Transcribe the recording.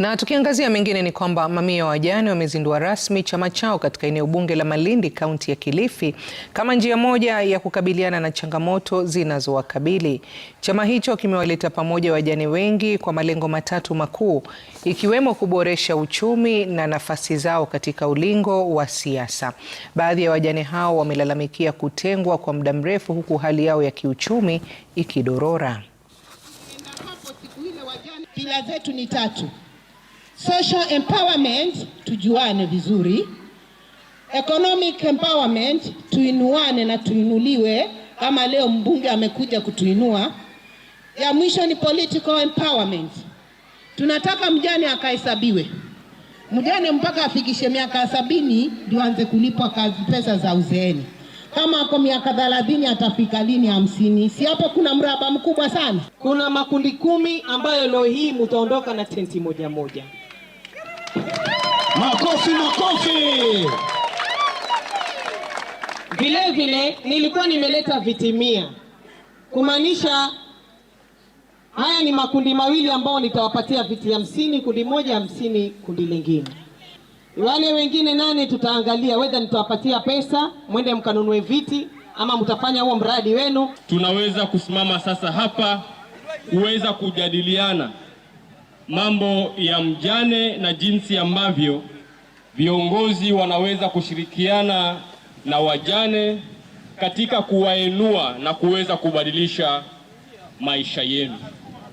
Na tukiangazia mengine ni kwamba mamia ya wajane wamezindua rasmi chama chao katika eneo bunge la Malindi, kaunti ya Kilifi, kama njia moja ya kukabiliana na changamoto zinazowakabili. Chama hicho kimewaleta pamoja wajane wengi kwa malengo matatu makuu, ikiwemo kuboresha uchumi na nafasi zao katika ulingo wa siasa. Baadhi ya wajane hao wamelalamikia kutengwa kwa muda mrefu, huku hali yao ya kiuchumi ikidorora. Pila zetu ni tatu social empowerment, tujuane vizuri, economic empowerment, tuinuane na tuinuliwe, kama leo mbunge amekuja kutuinua. Ya mwisho ni political empowerment, tunataka mjane akahesabiwe mjane mpaka afikishe miaka sabini ndio anze kulipwa kazi pesa za uzeeni. Kama ako miaka thelathini atafika lini hamsini? Si hapo kuna mraba mkubwa sana. Kuna makundi kumi ambayo leo hii mutaondoka na tenti moja moja. Makofi, makofi. Vile vile nilikuwa nimeleta vitimia kumaanisha haya ni makundi mawili ambao nitawapatia viti hamsini, kundi moja hamsini, kundi lingine. Wale wengine nane tutaangalia wedha nitawapatia pesa mwende mkanunue viti ama mtafanya huo mradi wenu. Tunaweza kusimama sasa hapa kuweza kujadiliana mambo ya mjane na jinsi ambavyo viongozi wanaweza kushirikiana na wajane katika kuwainua na kuweza kubadilisha maisha yenu.